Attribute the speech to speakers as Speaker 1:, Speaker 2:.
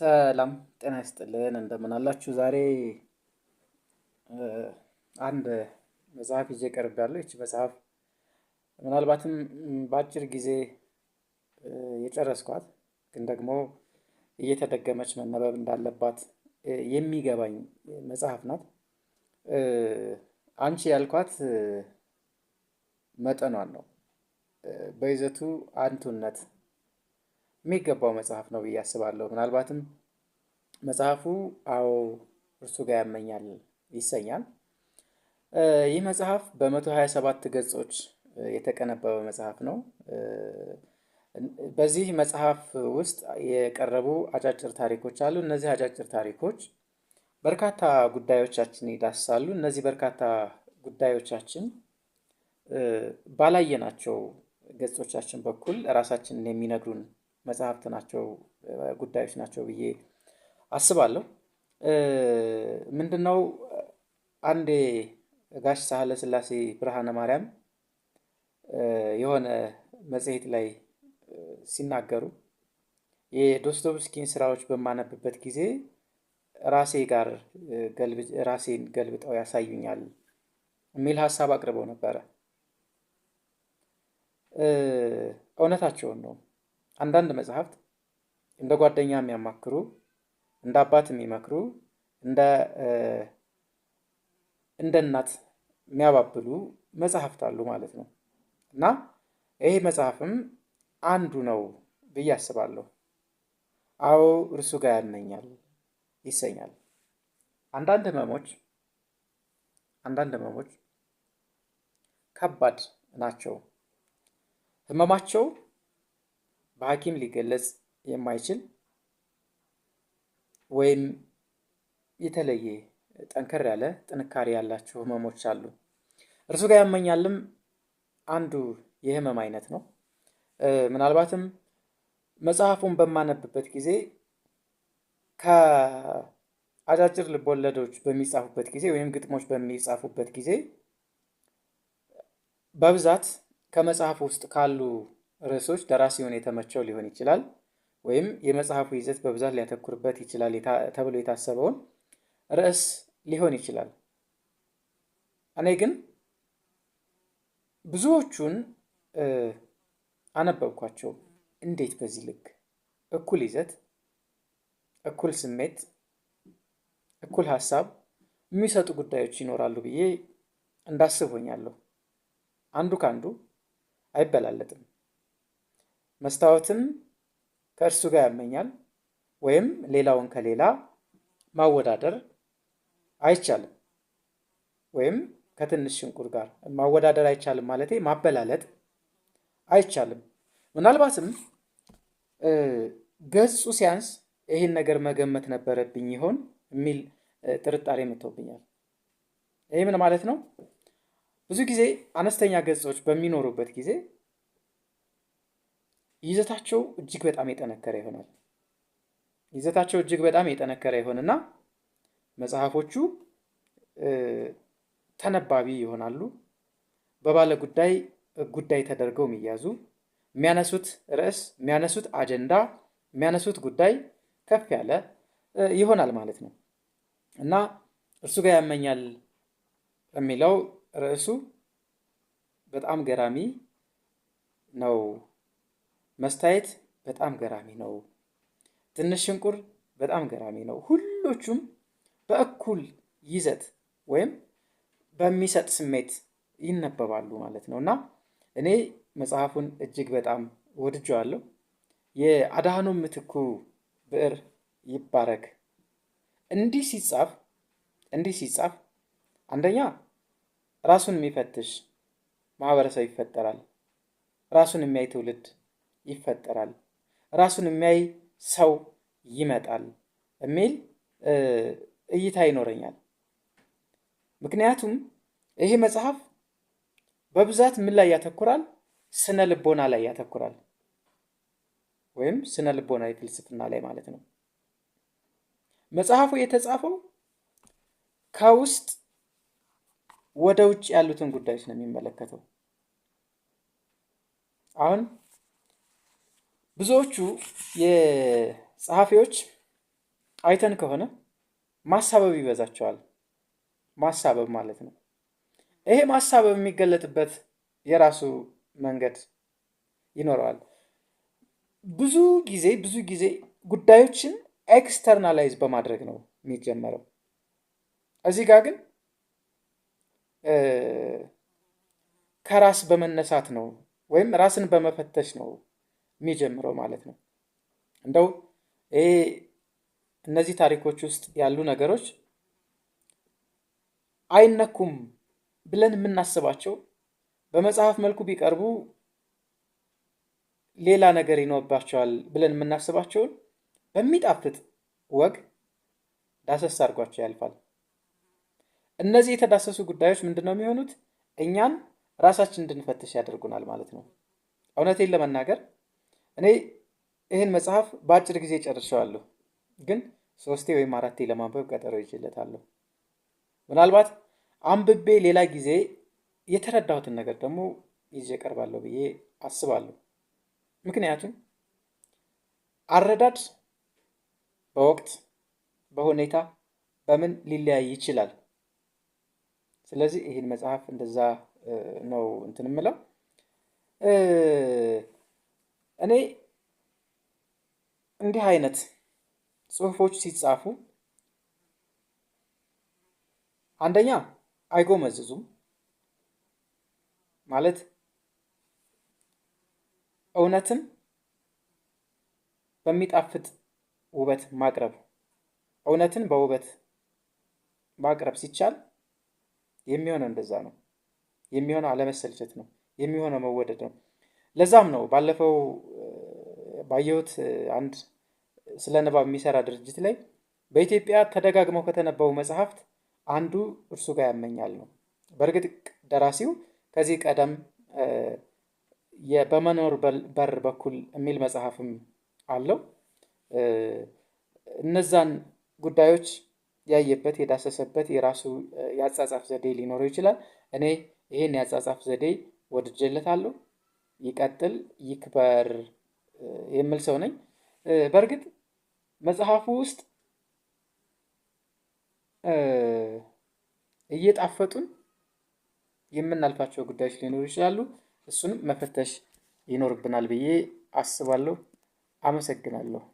Speaker 1: ሰላም ጤና ይስጥልን እንደምን አላችሁ? ዛሬ አንድ መጽሐፍ ይዤ ቀርቤያለሁ። ይቺ መጽሐፍ ምናልባትም በአጭር ጊዜ የጨረስኳት ግን ደግሞ እየተደገመች መነበብ እንዳለባት የሚገባኝ መጽሐፍ ናት። አንቺ ያልኳት መጠኗን ነው። በይዘቱ አንቱነት የሚገባው መጽሐፍ ነው ብዬ አስባለሁ። ምናልባትም መጽሐፉ አዎ እርሱ ጋር ያመኛል ይሰኛል። ይህ መጽሐፍ በመቶ በ127 ገጾች የተቀነበበ መጽሐፍ ነው። በዚህ መጽሐፍ ውስጥ የቀረቡ አጫጭር ታሪኮች አሉ። እነዚህ አጫጭር ታሪኮች በርካታ ጉዳዮቻችን ይዳስሳሉ። እነዚህ በርካታ ጉዳዮቻችን ባላየናቸው ገጾቻችን በኩል ራሳችንን የሚነግሩን መጽሐፍት ናቸው ጉዳዮች ናቸው ብዬ አስባለሁ። ምንድነው አንዴ ጋሽ ሳህለ ስላሴ ብርሃነ ማርያም የሆነ መጽሔት ላይ ሲናገሩ የዶስቶቭስኪን ስራዎች በማነብበት ጊዜ ራሴ ጋር ራሴን ገልብጠው ያሳዩኛል የሚል ሀሳብ አቅርበው ነበረ። እውነታቸውን ነው። አንዳንድ መጽሐፍት እንደ ጓደኛ የሚያማክሩ፣ እንደ አባት የሚመክሩ፣ እንደ እናት የሚያባብሉ መጽሐፍት አሉ ማለት ነው እና ይሄ መጽሐፍም አንዱ ነው ብዬ አስባለሁ። አዎ እርሱ ጋር ያመኛል ይሰኛል። አንዳንድ ህመሞች አንዳንድ ህመሞች ከባድ ናቸው። ህመማቸው በሐኪም ሊገለጽ የማይችል ወይም የተለየ ጠንከር ያለ ጥንካሬ ያላቸው ህመሞች አሉ። እርሱ ጋር ያመኛልም አንዱ የህመም አይነት ነው። ምናልባትም መጽሐፉን በማነብበት ጊዜ ከአጫጭር ልቦለዶች በሚጻፉበት ጊዜ ወይም ግጥሞች በሚጻፉበት ጊዜ በብዛት ከመጽሐፍ ውስጥ ካሉ ርዕሶች ደራሲውን የተመቸው ሊሆን ይችላል ወይም የመጽሐፉ ይዘት በብዛት ሊያተኩርበት ይችላል ተብሎ የታሰበውን ርዕስ ሊሆን ይችላል። እኔ ግን ብዙዎቹን አነበብኳቸው። እንዴት በዚህ ልክ እኩል ይዘት፣ እኩል ስሜት፣ እኩል ሀሳብ የሚሰጡ ጉዳዮች ይኖራሉ ብዬ እንዳስብ ሆኛለሁ። አንዱ ከአንዱ አይበላለጥም። መስታወትም ከእርሱ ጋር ያመኛል ወይም ሌላውን ከሌላ ማወዳደር አይቻልም። ወይም ከትንሽ ሽንቁር ጋር ማወዳደር አይቻልም ማለት ማበላለጥ አይቻልም። ምናልባትም ገጹ ሲያንስ ይህን ነገር መገመት ነበረብኝ ይሆን የሚል ጥርጣሬ መጥቶብኛል። ይህ ምን ማለት ነው? ብዙ ጊዜ አነስተኛ ገጾች በሚኖሩበት ጊዜ ይዘታቸው እጅግ በጣም የጠነከረ ይሆናል። ይዘታቸው እጅግ በጣም የጠነከረ ይሆንና መጽሐፎቹ ተነባቢ ይሆናሉ። በባለ ጉዳይ ጉዳይ ተደርገው የሚያዙ የሚያነሱት ርዕስ፣ የሚያነሱት አጀንዳ፣ የሚያነሱት ጉዳይ ከፍ ያለ ይሆናል ማለት ነው እና እርሱ ጋር ያመኛል የሚለው ርዕሱ በጣም ገራሚ ነው። መስታየት በጣም ገራሚ ነው። ትንሽ ሽንቁር በጣም ገራሚ ነው። ሁሎቹም በእኩል ይዘት ወይም በሚሰጥ ስሜት ይነበባሉ ማለት ነው እና እኔ መጽሐፉን እጅግ በጣም ወድጀዋለሁ። የአድኃኖም ምትኩ ብዕር ይባረክ። እንዲህ ሲጻፍ እንዲህ ሲጻፍ አንደኛ ራሱን የሚፈትሽ ማህበረሰብ ይፈጠራል። ራሱን የሚያይ ትውልድ ይፈጠራል። ራሱን የሚያይ ሰው ይመጣል የሚል እይታ ይኖረኛል። ምክንያቱም ይሄ መጽሐፍ በብዛት ምን ላይ ያተኩራል? ስነ ልቦና ላይ ያተኩራል፣ ወይም ስነ ልቦና ፍልስፍና ላይ ማለት ነው። መጽሐፉ የተጻፈው ከውስጥ ወደ ውጭ ያሉትን ጉዳዮች ነው የሚመለከተው አሁን ብዙዎቹ የጸሐፊዎች አይተን ከሆነ ማሳበብ ይበዛቸዋል። ማሳበብ ማለት ነው። ይሄ ማሳበብ የሚገለጥበት የራሱ መንገድ ይኖረዋል። ብዙ ጊዜ ብዙ ጊዜ ጉዳዮችን ኤክስተርናላይዝ በማድረግ ነው የሚጀመረው። እዚህ ጋር ግን ከራስ በመነሳት ነው ወይም ራስን በመፈተሽ ነው የሚጀምረው ማለት ነው። እንደው ይሄ እነዚህ ታሪኮች ውስጥ ያሉ ነገሮች አይነኩም ብለን የምናስባቸው በመጽሐፍ መልኩ ቢቀርቡ ሌላ ነገር ይኖባቸዋል ብለን የምናስባቸውን በሚጣፍጥ ወግ ዳሰስ አድርጓቸው ያልፋል። እነዚህ የተዳሰሱ ጉዳዮች ምንድን ነው የሚሆኑት? እኛን ራሳችን እንድንፈትሽ ያደርጉናል ማለት ነው። እውነቴን ለመናገር እኔ ይህን መጽሐፍ በአጭር ጊዜ ጨርሸዋለሁ፣ ግን ሶስቴ ወይም አራቴ ለማንበብ ቀጠሮ ይችለታለሁ። ምናልባት አንብቤ ሌላ ጊዜ የተረዳሁትን ነገር ደግሞ ይዤ ቀርባለሁ ብዬ አስባለሁ። ምክንያቱም አረዳድ በወቅት በሁኔታ በምን ሊለያይ ይችላል። ስለዚህ ይህን መጽሐፍ እንደዛ ነው እንትን እኔ እንዲህ አይነት ጽሁፎች ሲጻፉ አንደኛ አይጎመዝዙም ማለት እውነትን በሚጣፍጥ ውበት ማቅረብ እውነትን በውበት ማቅረብ ሲቻል የሚሆነው እንደዛ ነው። የሚሆነው አለመሰልቸት ነው። የሚሆነው መወደድ ነው። ለዛም ነው ባለፈው ባየሁት አንድ ስለ ንባብ የሚሰራ ድርጅት ላይ በኢትዮጵያ ተደጋግመው ከተነበቡ መጽሐፍት አንዱ እርሱ ጋር ያመኛል ነው። በእርግጥ ደራሲው ከዚህ ቀደም በመኖር በር በኩል የሚል መጽሐፍም አለው። እነዛን ጉዳዮች ያየበት የዳሰሰበት የራሱ የአጻጻፍ ዘዴ ሊኖረው ይችላል። እኔ ይህን የአጻጻፍ ዘዴ አለው ይቀጥል፣ ይክበር የሚል ሰው ነኝ። በእርግጥ መጽሐፉ ውስጥ እየጣፈጡን የምናልፋቸው ጉዳዮች ሊኖሩ ይችላሉ። እሱንም መፈተሽ ይኖርብናል ብዬ አስባለሁ። አመሰግናለሁ።